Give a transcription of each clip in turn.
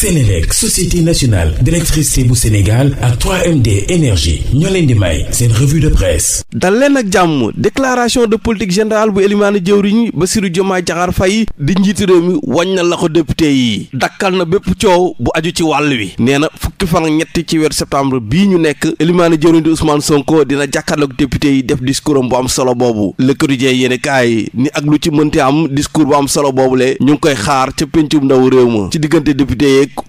Sénélec société nationale d'électricité bu Sénégal ak 3MD énergie ñoo leen di may seen revue de presse. dal leen ak jàmm déclaration de politique générale bu Elimaane jëwriñ Bassirou Diomaye Diakhar Faye di njiitu réew mi wañ na la ko député yi dakkal na bépp coow bu aju ci wàll wi nee na fukki fan ak ñetti ci weer septembre bii ñu nekk Elimaane jëwriñ di Ousmane Sonko dina jàkkaarloog député yi def discours am bu am solo boobu Le Quotidien yéen kaay ni ak lu ci mënti am discours solo boobule ñu ngi koy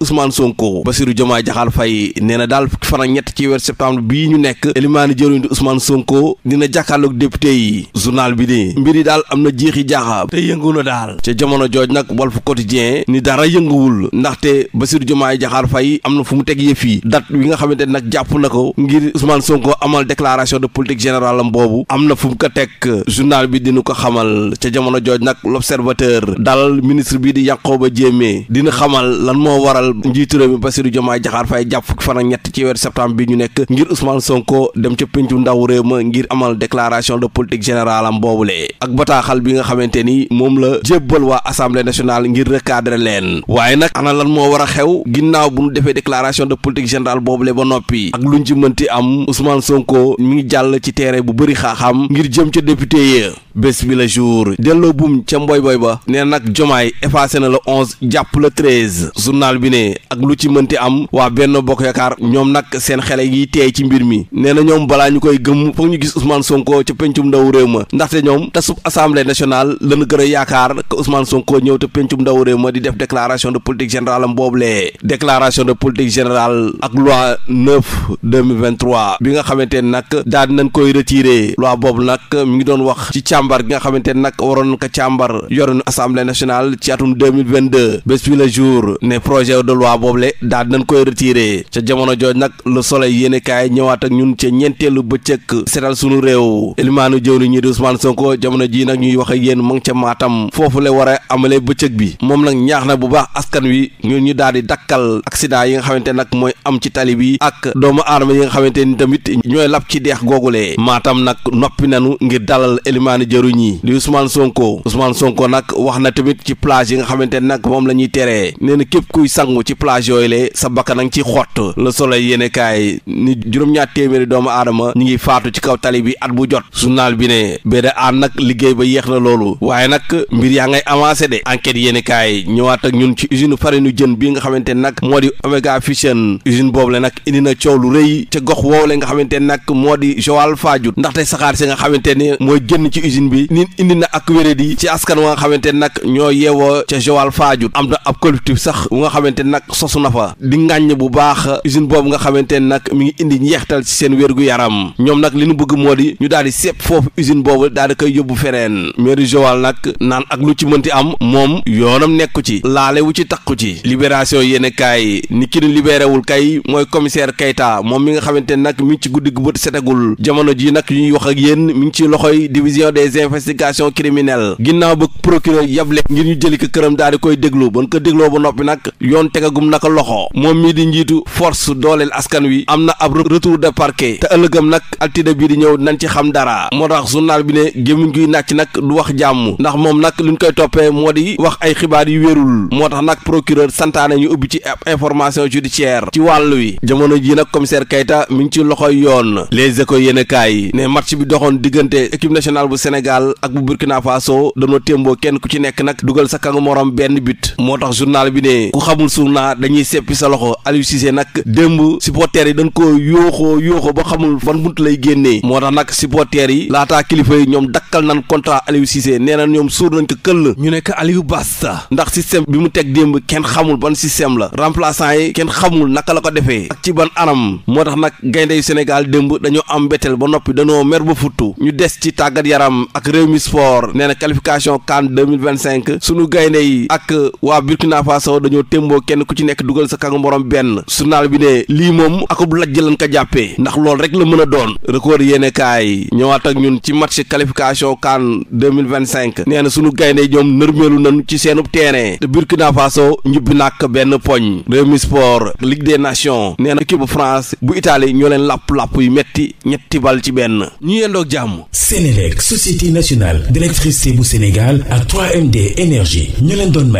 Ousmane Sonko Bassirou Diomaye Diakhar Faye nee na daal fukki fan ak ñett ci weer septembre bii ñu nekk élimaani jëriñ di Ousmane Sonko dina jàkkaarloog député yi journal bi nii mbir yi daal am na jeexi jaaxa te yëngu na daal ca jamono jooj nak nag Walf Quotidien ni dara yënguwul ndaxte Bassirou Diomaye Diakhar fay am na fu mu teg yëf yi dat wi nga xamante ne nag jàpp na ko ngir Ousmane Sonko amal déclaration de politique générale am boobu am na fu mu ko teg journal bi dina ko xamal ca jamono jooj nag l'observateur dal ministre bii di Yankhoba Diémé dina waral njiitu réew mi Bassirou Diomaye Diakhar Faye jàpp fukki fan ak ñett ci weer septembre bi ñu nekk ngir Ousmane Sonko dem ca péncu ndaw réew ma ngir amal déclaration de politique générale am boobulee ak bataaxal bi nga xamante ni moom la jébbal waa assemblée nationale ngir recadrer leen waaye nag ana lan moo war a xew ginnaaw bu ñu defee déclaration de politique générale lee ba noppi ak luñ ci mënti am Ousmane Sonko mu ngi jàll ci terrain bu bëri xaaxam ngir jëm ca député ya bi la jour delloo buum ca mboy ba nee na le 11 cabinet ak lu ci mënti am waa Benno Bokk Yaakaar ñoom nag seen xele yi teey ci mbir mi nee na ñoom balaa ñu koy gëm foog ñu gis Ousmane Sonko ci pencum ndaw réew ma ndaxte ñoom tasub assemblée national lañu gën a yaakaar que Ousmane Sonko ñëw te pencum ndaw réew ma di def déclaration de politique générale am boobulee déclaration de politique générale ak loi 9 2023 bi nga xamante ne nag daal nañ koy retiré loi boobu nag mu ngi doon wax ci càmbar gi nga xamante ne nag waroon ko càmbar yoronu assemblée nationale ci atum 2022 bés bi la projet de loi boobule daal nañ koy retiré ca jamono jooj nag le soleil yéene kaay ñëwaat ak ñun ca ñeenteelu bëccëg setal sunu réew élimaanu jëwri ñi di Ousmane Sonko jamono ji nag ñuy wax ak yéen ma ngi ca Matam foofu la war a amalee bëccëg bi moom nag ñaax na bu baax askan wi ñu ñu daal di dakkal accident yi nga xamante nag mooy am ci tali bi ak doomu aadama yi nga xamante ni tamit ñooy lap ci deex googulee maatam nag noppi nanu ngir dalal élimaanu jëwri ñi di Sonko Ousmane Sonko nag wax nag moom la sangu ci plage yooyu le sa bakkan a ngi ciy xott le soleil yéene kaay ni juróom-ñaar téeméeri doomu aadama ñu ngi faatu ci kaw tali bi at bu jot journal bi ne bee da nag liggéey ba yéex na loolu waaye nag mbir yaa ngay avancé de enquête yéene kaay ñëwaat ak ñun ci usine farine u jën bi nga xamante nag moo di Omega Fission usine boobu le nag indi na coow lu rëy ca gox woowu le nga xamante nag moo di Joal Fadiouth ndaxte saxaar si nga xamante ne mooy génn ci usine bi nit indi na ak wéré di ci askan wa nga xamante nag ñoo yeewoo ca Joal Fadiouth xamante nag sosu na fa di ngàññ bu baax usine boobu nga xamante nag mi ngi indi njeextal ci seen wérgu yaram ñoom nag li ñu bëgg moo di ñu daal di sepp foofu usine boobu daal di koy yóbbu feneen mairie Joal nag naan ak lu ci mënti am moom yoonam nekku ci laale wu ci taq ci libération yéene kaay ni ki ñu libéré wul kay mooy commissaire Keita moom mi nga xamante nag mi ngi ci guddi gu bët setagul jamono ji nag ñuy wax ak yéen mi ngi ci loxoy division des investigations criminelles ginnaaw ba procureur yable ngir ñu jëli ko këram daal di koy yoon tegagum naka loxo moom mii di njiitu force dooleel askan wi am na ab retour de parquet te ëllëgam nag altine bii di ñëw nañ ci xam dara moo tax journal bi ne gémmiñ guy nàcc nag du wax jàmm ndax moom nag luñ koy toppee moo di wax ay xibaar yu wérul moo tax nag procureur santaane ñu ubbi ci information judiciaire ci wàll wi jamono ji nag commissaire Keita mi ngi ci loxo yoon les échos yéenekaay ne match bi doxoon diggante équipe nationale bu Sénégal ak bu Burkina Faso dañoo témboo kenn ku ci nekk nag dugal sa kangu morom benn bit moo tax journal bi ne amul suuf naa dañuy seppi sa loxo Aliou Cissé nag démb supporters yi dañ ko yooxoo yooxoo ba xamul fan bunt lay génnee moo tax nag supporters yi laataa kilifa yi ñoom dakkal nan kontra Aliou Cissé nee na ñoom suur nañ ko këll ñu nekk Aliou basta ndax système bi mu teg démb kenn xamul ban système la remplaçant yi kenn xamul naka la ko defee ak ci ban anam moo tax nag gaynde yu Sénégal démb dañoo am mbetteel ba noppi dañoo mer ba futtu ñu des ci tàggat yaram ak réew mi sport nee na qualification CAN 2025 sunu gaynde yi làmboo kenn ku ci nekk dugal sa kangu morom benn journal bi ne lii moom akub lajj lañ ko jàppee ndax loolu rek la mën a doon record yéene kaay ñëwaat ak ñun ci match qualification CAN 2025 nee na sunu gaynde ñoom nërmeelu nañu ci seenub terrain te Burkina Faso ñibbi nak benn poñ Rewmi Sport Ligue des Nations nee na équipe France bu Italie ñoo leen làpp-làpp yu metti ñetti bal ci benn ñu yendoog jàmm Sénélec société nationale d'électricité bu Sénégal ak 3MD énergie ñu leen doon